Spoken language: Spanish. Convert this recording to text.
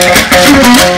Gracias.